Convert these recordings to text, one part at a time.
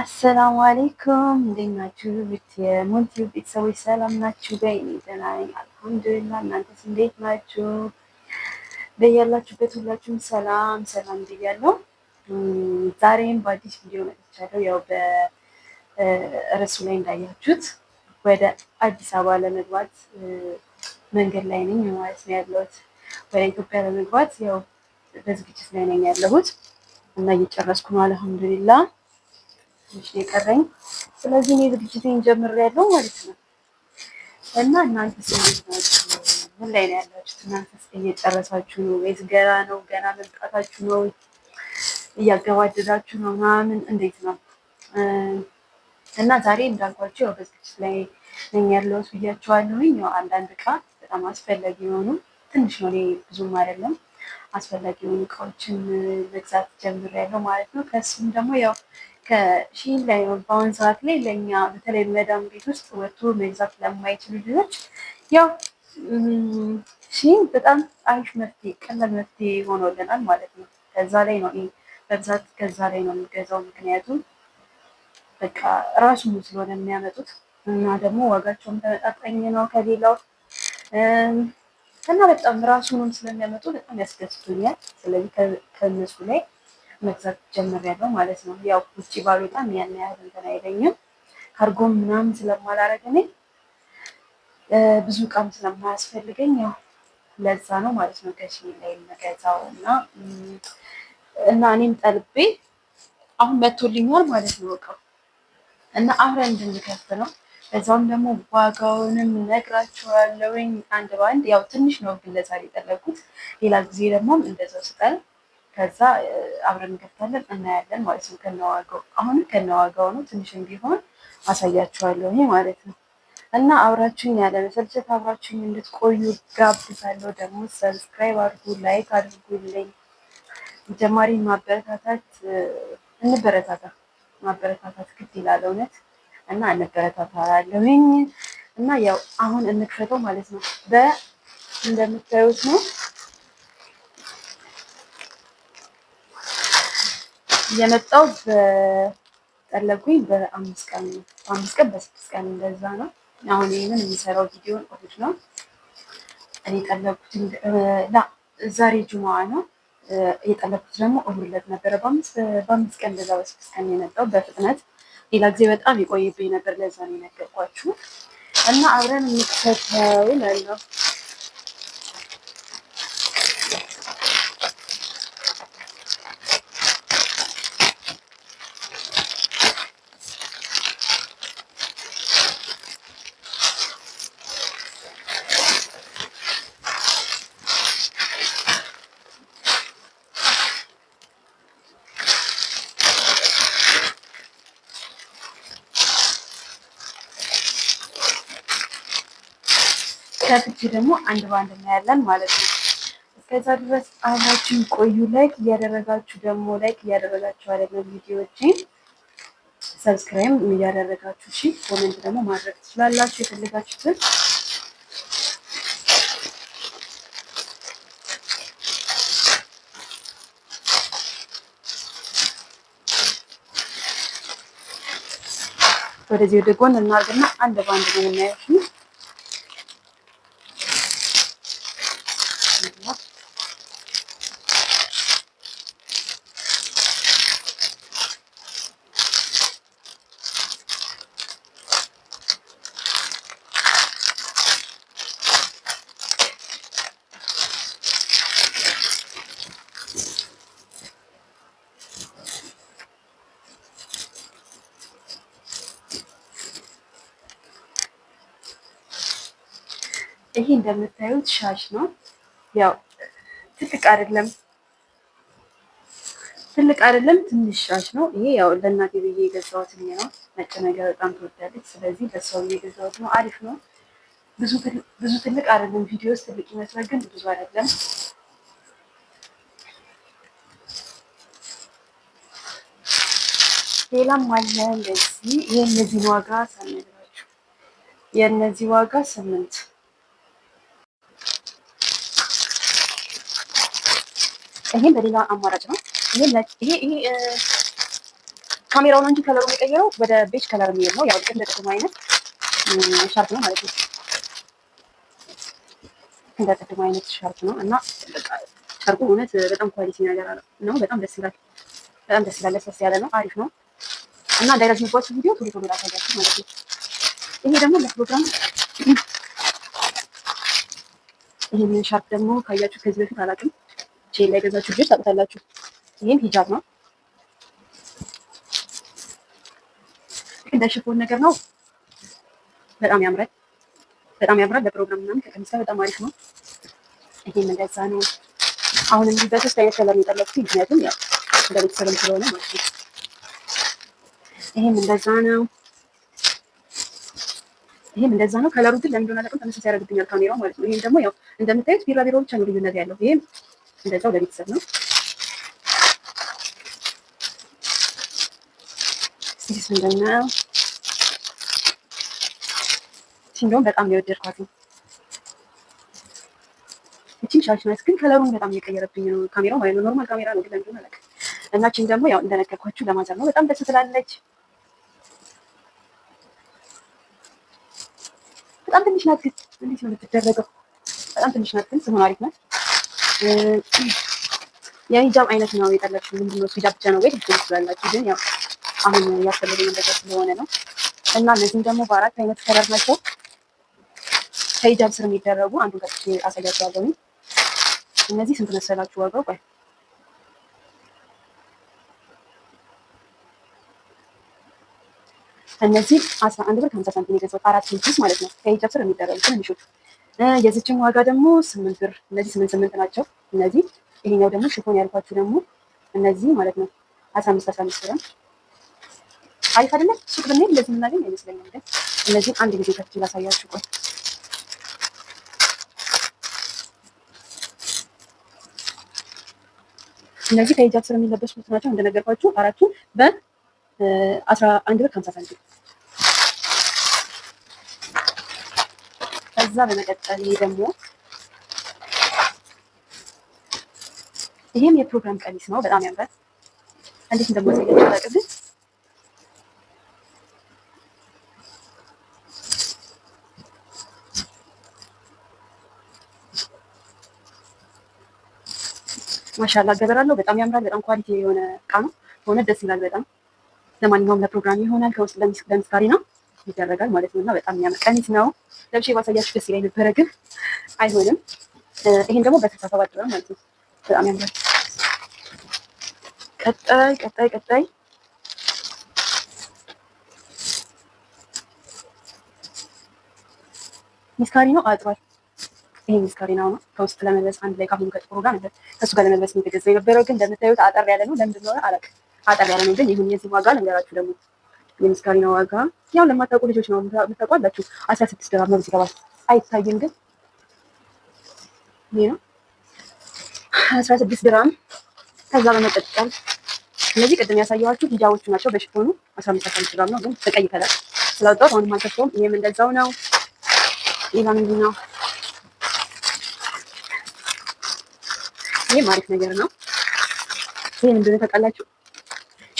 አሰላሙ አሌይኩም እንዴት ናችሁ? የሞንቲዩብ ቤተሰቦች ሰላም ናችሁ? ጋይ ደህና ነኝ አልሐምዱሊላህ። እናንተስ እንዴት ናችሁ? በያላችሁበት ሁላችሁም ሰላም ሰላም ብያለሁ። ዛሬም በአዲስ ቪዲዮ መጥቻለሁ። ያው በርዕሱ ላይ እንዳያችሁት ወደ አዲስ አበባ ለመግባት መንገድ ላይ ነኝ ማለት ነው ያለሁት። ወደ ኢትዮጵያ ለመግባት ያው በዝግጅት ላይ ነኝ ያለሁት እና እየጨረስኩ ነው አልሐምዱሊላህ ትንሽ የቀረኝ። ስለዚህ እኔ ዝግጅቴን ጀምሬያለሁ ማለት ነው። እና እናንተ ምን ላይ ነው ያላችሁት? እናንተስ እየጨረሳችሁ ነው ወይስ ገና ነው? ገና መምጣታችሁ ነው? እያገባደዳችሁ ነው ምናምን እንዴት ነው? እና ዛሬ እንዳልኳችሁ ያው በዝግጅት ላይ ነኝ ያለሁት ብያችኋለሁኝ። ያው አንዳንድ እቃ በጣም አስፈላጊ የሆኑ ትንሽ ነው፣ እኔ ብዙም አይደለም አስፈላጊ የሆኑ እቃዎችን መግዛት ጀምሬያለሁ ማለት ነው። ከሱም ደግሞ ያው ከሺን ላይ በአሁን ሰዓት ላይ ለእኛ በተለይ መዳም ቤት ውስጥ ወጥቶ መግዛት ለማይችሉ ልጆች ያው ሺን በጣም አሪፍ መፍትሄ፣ ቀላል መፍትሄ ሆኖልናል ማለት ነው። ከዛ ላይ ነው በብዛት ከዛ ላይ ነው የሚገዛው። ምክንያቱም በቃ ራሱ ስለሆነ የሚያመጡት እና ደግሞ ዋጋቸውም ተመጣጣኝ ነው ከሌላው እና በጣም ራሱንም ስለሚያመጡ በጣም ያስደስቱኛል ስለዚህ ከእነሱ ላይ መግዛት ጀምሬያለሁ ማለት ነው። ያው ውጭ ባልወጣም ያን ያህል እንትን አይለኝም። ካርጎም ምናምን ስለማላረግ እኔ ብዙ እቃም ስለማያስፈልገኝ ያው ለዛ ነው ማለት ነው ከሺ ላይ መገዛው እና እና እኔም ጠልቤ አሁን መቶልኛል ማለት ነው እቃው እና አብረን እንድንከፍት ነው። በዛውም ደግሞ ዋጋውንም ነግራችኋለሁኝ አንድ በአንድ ያው ትንሽ ነው ግን ለዛሬ የጠለኩት ሌላ ጊዜ ደግሞ እንደዛው ስጠል ከዛ አብረን እንከፍታለን እናያለን ማለት ነው። ከነዋጋው አሁንም ከነዋጋው ነው ትንሽም ቢሆን አሳያችኋለሁ ይሄ ማለት ነው። እና አብራችሁኝ ያለ መሰልቸት አብራችሁኝ እንድትቆዩ ጋብዛለሁ። ደግሞ ሰብስክራይብ አድርጉ፣ ላይክ አድርጉልኝ። ጀማሪ ማበረታታት እንበረታታ ማበረታታት ግድ ይላል እውነት እና እንበረታታ እንበረታታላለሁኝ እና ያው አሁን እንክፈተው ማለት ነው በ እንደምታዩት ነው የመጣው በጠለቁኝ በአምስት ቀን ነው። በአምስት ቀን በስድስት ቀን እንደዛ ነው። አሁን ይህንን የሚሰራው ቪዲዮን እሑድ ነው። እኔ የጠለኩት ዛሬ ጁማዋ ነው። የጠለቁት ደግሞ እሑድ ዕለት ነበረ። በአምስት ቀን እንደዛ በስድስት ቀን የመጣው በፍጥነት። ሌላ ጊዜ በጣም የቆየብኝ ነበር። ለዛ ነው የነገርኳችሁ እና አብረን የሚከተው ላለው ከፍቺ ደግሞ አንድ ባንድ እናያለን ማለት ነው። እስከዛ ድረስ አብራችን ቆዩ። ላይክ እያደረጋችሁ ደግሞ ላይክ እያደረጋችሁ ያለ ቪዲዮዎችን ሰብስክራይብ እያደረጋችሁ እሺ፣ ኮሜንት ደግሞ ማድረግ ትችላላችሁ የፈለጋችሁትን ወደዚህ ወደ ጎን እናርግና አንድ ባንድ ነው የምናየው። ይሄ እንደምታዩት ሻሽ ነው። ያው ትልቅ አይደለም ትልቅ አይደለም ትንሽ ሻሽ ነው። ይሄ ያው ለእናቴ ብዬ የገዛሁት ነው። ነጭ ነገር በጣም ትወዳለች። ስለዚህ ለሷ ብዬ የገዛሁት ነው። አሪፍ ነው። ብዙ ትልቅ አይደለም። ቪዲዮ ውስጥ ትልቅ ይመስላል፣ ግን ብዙ አይደለም። ሌላም አለ እንደዚህ። የእነዚህን ዋጋ ሳልነግራችሁ የእነዚህ ዋጋ ስምንት ይሄም በሌላ አማራጭ ነው። ይሄም ነጭ ይሄ ይሄ ካሜራውን እንጂ ከለሩ የሚቀየረው ወደ ቤጅ ከለር የሚሄድ ነው። ያው እንደ ጥቅሙ አይነት ሻርፕ ነው ማለት ነው። እንደ ጥቅሙ አይነት ሻርፕ ነው እና ጨርቁ እውነት በጣም ኳሊቲ ነገር ነው። በጣም ደስ ይላል። በጣም ደስ ይላል። ለስለስ ያለ ነው። አሪፍ ነው እና ዳይሬክት ምፖስት ቪዲዮ ቶሎ ቶሎ ላሳያችሁ ማለት ነው። ይሄ ደግሞ ለፕሮግራም ይሄንን ሻርፕ ደግሞ ካያችሁ ከዚህ በፊት አላውቅም ላይ ለገዛችሁ ልጆች ታውቃላችሁ። ይሄም ሂጃብ ነው። እንደ ሽፎን ነገር ነው። በጣም ያምራል፣ በጣም ያምራል። ለፕሮግራም ምናምን ከቀሚስ በጣም አሪፍ ነው። ይሄም እንደዛ ነው። አሁን እንግዲህ በሶስት አይነት ከለር የጠለኩት ምክንያቱም ያው እንደ ቤተሰብም ስለሆነ ማለት ነው። ይሄም እንደዛ ነው። ይሄም እንደዛ ነው። ከለሩ ግን ለምን እንደሆነ ተመሳሳይ ያደርግብኛል ካሜራው ማለት ነው። ይሄም ደግሞ ያው እንደምታዩት ቢራቢሮ ብቻ ነው ልዩነት ያለው። ይሄም እንደዛው ለቤተሰብ ነው። ሲስ እንደናው ሲንዶም በጣም ነው የወደድኳት። እቺን ሻሽ ናት፣ ግን ከለሩን በጣም እየቀየረብኝ ነው ካሜራው ማለት ነው። ኖርማል ካሜራ ነው ግን እንደሆነ እና እቺን ደግሞ ያው እንደነገርኳችሁ ለማዘር ነው። በጣም ደስ ትላለች። በጣም ትንሽ ናት፣ ግን እንዴት ነው የምትደረገው? በጣም ትንሽ ናት፣ ግን ስሆን አሪፍ ናት። የሂጃብ አይነት ነው የጠለቅሽው? ምንድን ነው ሂጃብ ብቻ ነው ወይ ትችላላችሁ? ግን ያው አሁን ያስፈልገኝ ነገር ስለሆነ ነው። እና እነዚህም ደግሞ በአራት አይነት ከለር ናቸው ከሂጃብ ስር የሚደረጉ አንዱን ቀጥቼ አሳያችኋለሁ። እነዚህ ስንት መሰላችሁ ዋጋው? ቆይ እነዚህ አስራ አንድ ብር ከሀምሳ ሳንቲም የገዛሁት አራት ሂጃብ ማለት ነው። ከሂጃብ ስር የሚደረጉ ትንንሾቹ የዚችን ዋጋ ደግሞ ስምንት ብር እነዚህ ስምንት ስምንት ናቸው። እነዚህ ይሄኛው ደግሞ ሽፎን ያልኳችሁ ደግሞ እነዚህ ማለት ነው አስራ አምስት አስራ አምስት ብር አሪፍ አይደለም። ሱቅ ብንሄድ እንደዚህ የምናገኝ አይመስለኝም። ግን እነዚህ አንድ ጊዜ ከፍቼ ላሳያችሁ። ቆይ እነዚህ ከሂጃብ ስር የሚለበሱት ናቸው እንደነገርኳችሁ። አራቱ በአስራ አንድ ብር ከሀምሳ ሳንቲም ከዛ በመቀጠል ይሄ ደግሞ ይሄም የፕሮግራም ቀሚስ ነው። በጣም ያምራል። እንዴት እንደማሳያችሁ ማሻላ ገበራለሁ። በጣም ያምራል። በጣም ኳሊቲ የሆነ እቃ ነው። ሆነ ደስ ይላል በጣም ለማንኛውም ለፕሮግራም ይሆናል። ከውስጥ ለምስካሪ ነው ይደረጋል ማለት ነው እና በጣም የሚያምር ቀሚስ ነው። ለብሼ ባሳያችሁ ደስ ይለኝ ነበረ፣ ግን አይሆንም። ይሄን ደግሞ በስልሳ ሰባት ብር ማለት ነው። በጣም ያምራል። ቀጣይ ቀጣይ ቀጣይ ሚስካሪ ነው አጥሯል። ይሄ ሚስካሪ ነው ከውስጥ ለመልበስ አንድ ላይ ካሁን ከጥቁሩ ጋር ነበር ከሱ ጋር ለመልበስ የተገዛ የነበረው ግን እንደምታዩት አጠር ያለ ነው። ለምንድን ነው አላውቅም። አጠር ያለ ነው ግን ይሁን የዚህ ዋጋ ልንገራችሁ ደግሞ የምስካሪና ዋጋ ያው ለማታውቁ ልጆች ነው የምታውቋላችሁ። አስራ ስድስት ድራም ነው። እዚህ አይታይም ግን ይህ ነው አስራ ስድስት ድራም። ከዛ በመቀጠል እነዚህ ቅድም ያሳየኋችሁ ሂጃቦቹ ናቸው። በሽቶኑ አስራ አምስት አስራ ድራም ነው፣ ግን በቀይ ከለር ስለወጣሁት አሁንም አልከፍተውም። ይህም እንደዛው ነው። ሌላ ምንድን ነው? ይሄ አሪፍ ነገር ነው። ይሄን ምንድን ነው ታውቃላችሁ?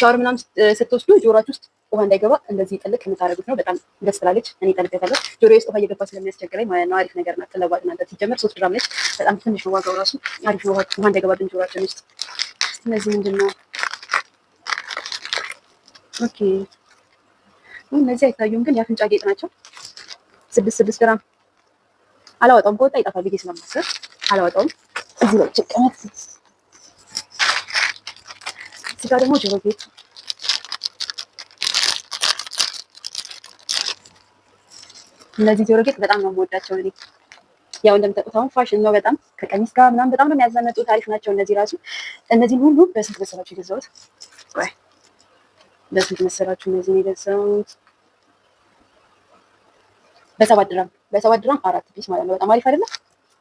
ሻወር ምናምን ስትወስዱ ጆሯችሁ ውስጥ ውሃ እንዳይገባ እንደዚህ ጥልቅ የምታደርጉት ነው። በጣም ደስ ትላለች። እኔ ጠልቤታለሁ። ጆሮ ውስጥ ውሃ እየገባ ስለሚያስቸግረኝ ማለት ነው። አሪፍ ነገር ናት። ተለዋጭ ናት። ሲጀመር ሶስት ድራም ነች። በጣም ትንሽ ነው ዋጋው ራሱ አሪፍ። ውሃ እንዳይገባብን ጆሮችን ውስጥ እነዚህ ምንድን ነው? ኦኬ እነዚህ አይታዩም፣ ግን የአፍንጫ ጌጥ ናቸው። ስድስት ስድስት ግራም አላወጣውም። ከወጣ ይጠፋል ብዬ ስለማስብ አላወጣውም። እዚህ ነው ጭቀመት። እዚህ ጋር ደግሞ ጆሮ ጌጥ እነዚህ ጆሮ ጌጥ በጣም ነው የምወዳቸው እኔ። ያው እንደምታውቁት አሁን ፋሽን ነው በጣም ከቀሚስ ጋር ምናምን በጣም ነው የሚያዘነጡ አሪፍ ናቸው እነዚህ ራሱ። እነዚህን ሁሉ በስንት መሰላችሁ የገዛሁት? ቆይ በስንት መሰላችሁ እነዚህን የገዛሁት? በሰባት ድራም በሰባት ድራም አራት ፒስ ማለት ነው። በጣም አሪፍ አይደለም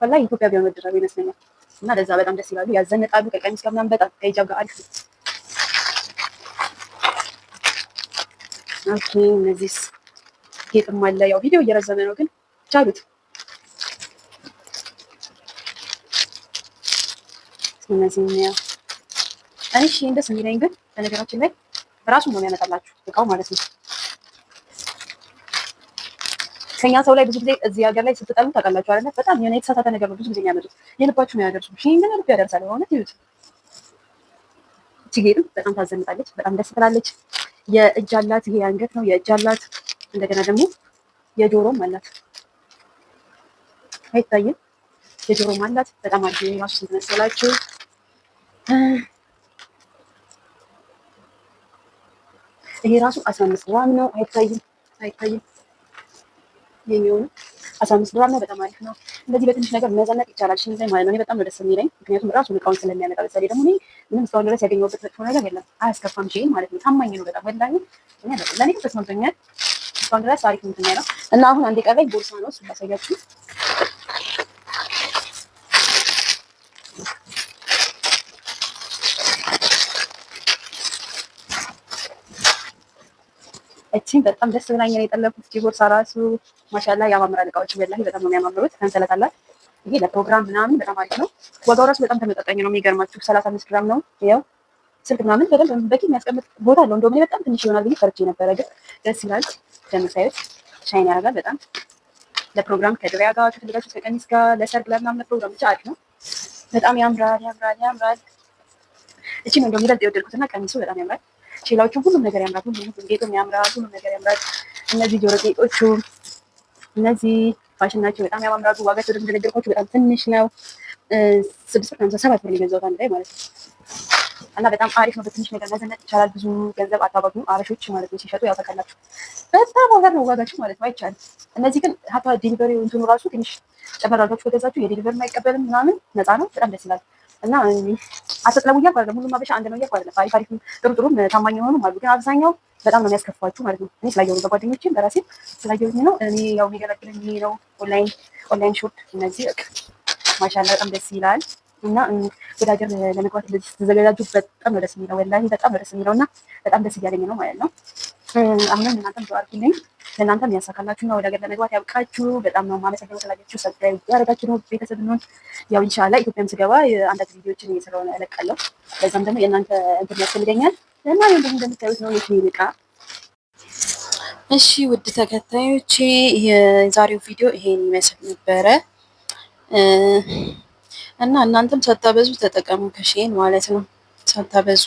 ወላሂ። ኢትዮጵያ ቢሆን ወድራው ይመስለኛል። እና ለዛ በጣም ደስ ይላሉ፣ ያዘነጣሉ ከቀሚስ ጋር ምናምን በጣም ከሂጃብ ጋር አሪፍ ነው። ኦኬ እነዚህስ ጌጥም አለ። ያው ቪዲዮ እየረዘመ ነው ግን ቻሉት። እነዚህ እሺ፣ እንደስ የሚለኝ ግን በነገራችን ላይ ራሱ ነው የሚያመጣላችሁ እቃው ማለት ነው። ከኛ ሰው ላይ ብዙ ጊዜ እዚህ ሀገር ላይ ስትጠሉ ታውቃላችሁ አይደለ? በጣም የሆነ የተሳሳተ ነገር ነው ብዙ ጊዜ የሚያመጡት። የልባችሁ ነው ያደርሱ። ይህን ግን ልብ ያደርሳል። ሆነ ይሉት ጌጥም በጣም ታዘምጣለች። በጣም ደስ ትላለች። የእጅ አላት። ይሄ አንገት ነው የእጅ አላት። እንደገና ደግሞ የጆሮም አላት አይታይም። የጆሮም አላት በጣም አሪፍ ነው። ራሱ ስንት መሰላችሁ? ይሄ ራሱ 15 ግራም ነው። አይታይም አይታይም። ይሄኛው 15 ግራም ነው። በጣም አሪፍ ነው። እንደዚህ በትንሽ ነገር መዘነጥ ይቻላል። ሽን እንደዚህ ማለት ነው። በጣም ነው ደስ የሚለኝ ምክንያቱም ራሱ እቃውን ስለሚያመጣ በዛሬ ደግሞ እኔ ምንም እስካሁን ድረስ ያገኘሁበት መጥፎ ነገር የለም። አያስከፋም። ሼል ማለት ነው። ታማኝ ነው በጣም ወላሂ ለኔ ተስማምቶኛል። እስካሁን ድረስ አሪፍ እንትን ነው እና አሁን አንድ የቀረኝ ቦርሳ ነው። እሱ እቺን በጣም ደስ ብላኝ ነው የጠለፉት። እቺ ቦርሳ ራሱ ማሻላ ያማምራል። እቃዎች በላይ በጣም ነው የሚያማምሩት። ሰንሰለት ይሄ ለፕሮግራም ምናምን በጣም አሪፍ ነው። ዋጋው ራሱ በጣም ተመጣጣኝ ነው። የሚገርማችሁ 35 ግራም ነው። ይኸው ስልክ ምናምን በደንብ በቂ የሚያስቀምጥ ቦታ አለው። እንደውም በጣም ትንሽ ይሆናል ብዬ ፈርቼ ነበረ፣ ግን ደስ ይላል። እንደምታዩት ሻይን ያደርጋል በጣም ለፕሮግራም ከድሪያ ጋር ከፈለጋችሁት ከቀሚስ ጋር ለሰርግ ለምናምን ለፕሮግራም ብቻ አሪፍ ነው። በጣም ያምራል ያምራል ያምራል። እቺ ነው እንደሚበልጥ የወደድኩትና ቀሚሱ በጣም ያምራል። ሼላዎቹም ሁሉም ነገር ያምራል። ሁሉም ጌጡም ያምራል። ሁሉም ነገር ያምራል። እነዚህ ጆሮ ጌጦቹ እነዚህ ፋሽን ናቸው። በጣም ያማምራሉ። ዋጋቸው ደግሞ እንደነገርኳችሁ በጣም ትንሽ ነው። ስድስት መቶ ሀምሳ ሰባት ብር የገዛሁት አንድ ላይ ማለት ነው። እና በጣም አሪፍ ነው። በትንሽ ነገር መዘነጥ ይቻላል። ብዙ ገንዘብ አታባጉም። አበሾች ማለት ነው ሲሸጡ ያው ታውቃላችሁ፣ በጣም ዋጋ ነው ዋጋቸው ማለት ነው አይቻልም። እነዚህ ግን ሀታ ዴሊቨሪ እንትኑ ራሱ ትንሽ ጨመር አድርጋችሁ ከገዛችሁ የዴሊቨሪ አይቀበልም ምናምን ነፃ ነው። በጣም ደስ ይላል። እና አትጥለቡ እያልኩ አይደለም። ሁሉም አበሻ አንድ ነው እያልኩ አይደለም። አሪፍ አሪፍ ጥሩ ጥሩም ታማኝ የሆኑ አሉ። ግን አብዛኛው በጣም ነው የሚያስከፋችሁ ማለት ነው። እኔ ስላየሁ ነው፣ በጓደኞቼም በራሴ ስላየሁኝ ነው። እኔ ያው የሚገለግለኝ ነው ኦንላይን ኦንላይን ሾፕ። እነዚህ ማሻላ በጣም ደስ ይላል። እና ወደ ሀገር ለመግባት እንደዚህ በጣም ደስ የሚለው፣ ወላሂ በጣም ደስ የሚለው እና በጣም ደስ እያለኝ ነው ማለት ነው። አሁንም እናንተም ዱአ ለእናንተም ያሳካላችሁ እና ወደ ሀገር ለመግባት ያብቃችሁ። በጣም ነው ማመሰግነው ስላላችሁ፣ ሰብስክራይብ ያደረጋችሁ ነው ቤተሰብ ነው። ያው ኢንሻአላ ኢትዮጵያም ስገባ አንዳንድ ቪዲዮችን እየሰራሁ ነው እለቃለሁ። በዛም ደግሞ የእናንተ እንትን ያስፈልገኛል እና እንደዚህ እንደምታዩት ነው የትኔ እቃ እሺ ውድ ተከታዮቼ የዛሬው ቪዲዮ ይሄን ይመስል ነበረ። እና እናንተም ሳታበዙ ተጠቀሙ ከሺን ማለት ነው። ሳታበዙ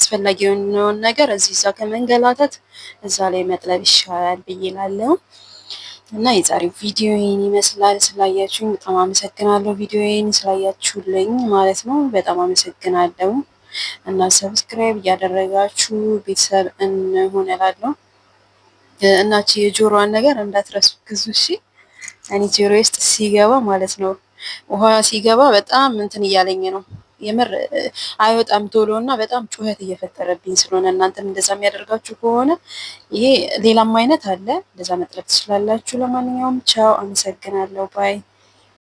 አስፈላጊ የሆነውን ነገር እዚህ እዛ ከመንገላታት እዛ ላይ መጥለብ ይሻላል ብዬ እላለሁ። እና የዛሬው ቪዲዮ ቪዲዮዬን ይመስላል። ስላያችሁኝ በጣም አመሰግናለሁ። ቪዲዮ ቪዲዮዬን ስላያችሁልኝ ማለት ነው በጣም አመሰግናለሁ። እና ሰብስክራይብ እያደረጋችሁ ቤተሰብ እንሆነላለሁ። እላለሁ። እናቺ የጆሮዋን ነገር እንዳትረሱ ግዙ እሺ። እኔ ጆሮዬ ውስጥ ሲገባ ማለት ነው ውሃ ሲገባ በጣም እንትን እያለኝ ነው የምር አይወጣም ቶሎ እና በጣም ጩኸት እየፈጠረብኝ ስለሆነ እናንተም እንደዛ የሚያደርጋችሁ ከሆነ ይሄ ሌላም አይነት አለ። እንደዛ መጥለብ ትችላላችሁ። ለማንኛውም ቻው፣ አመሰግናለሁ ባይ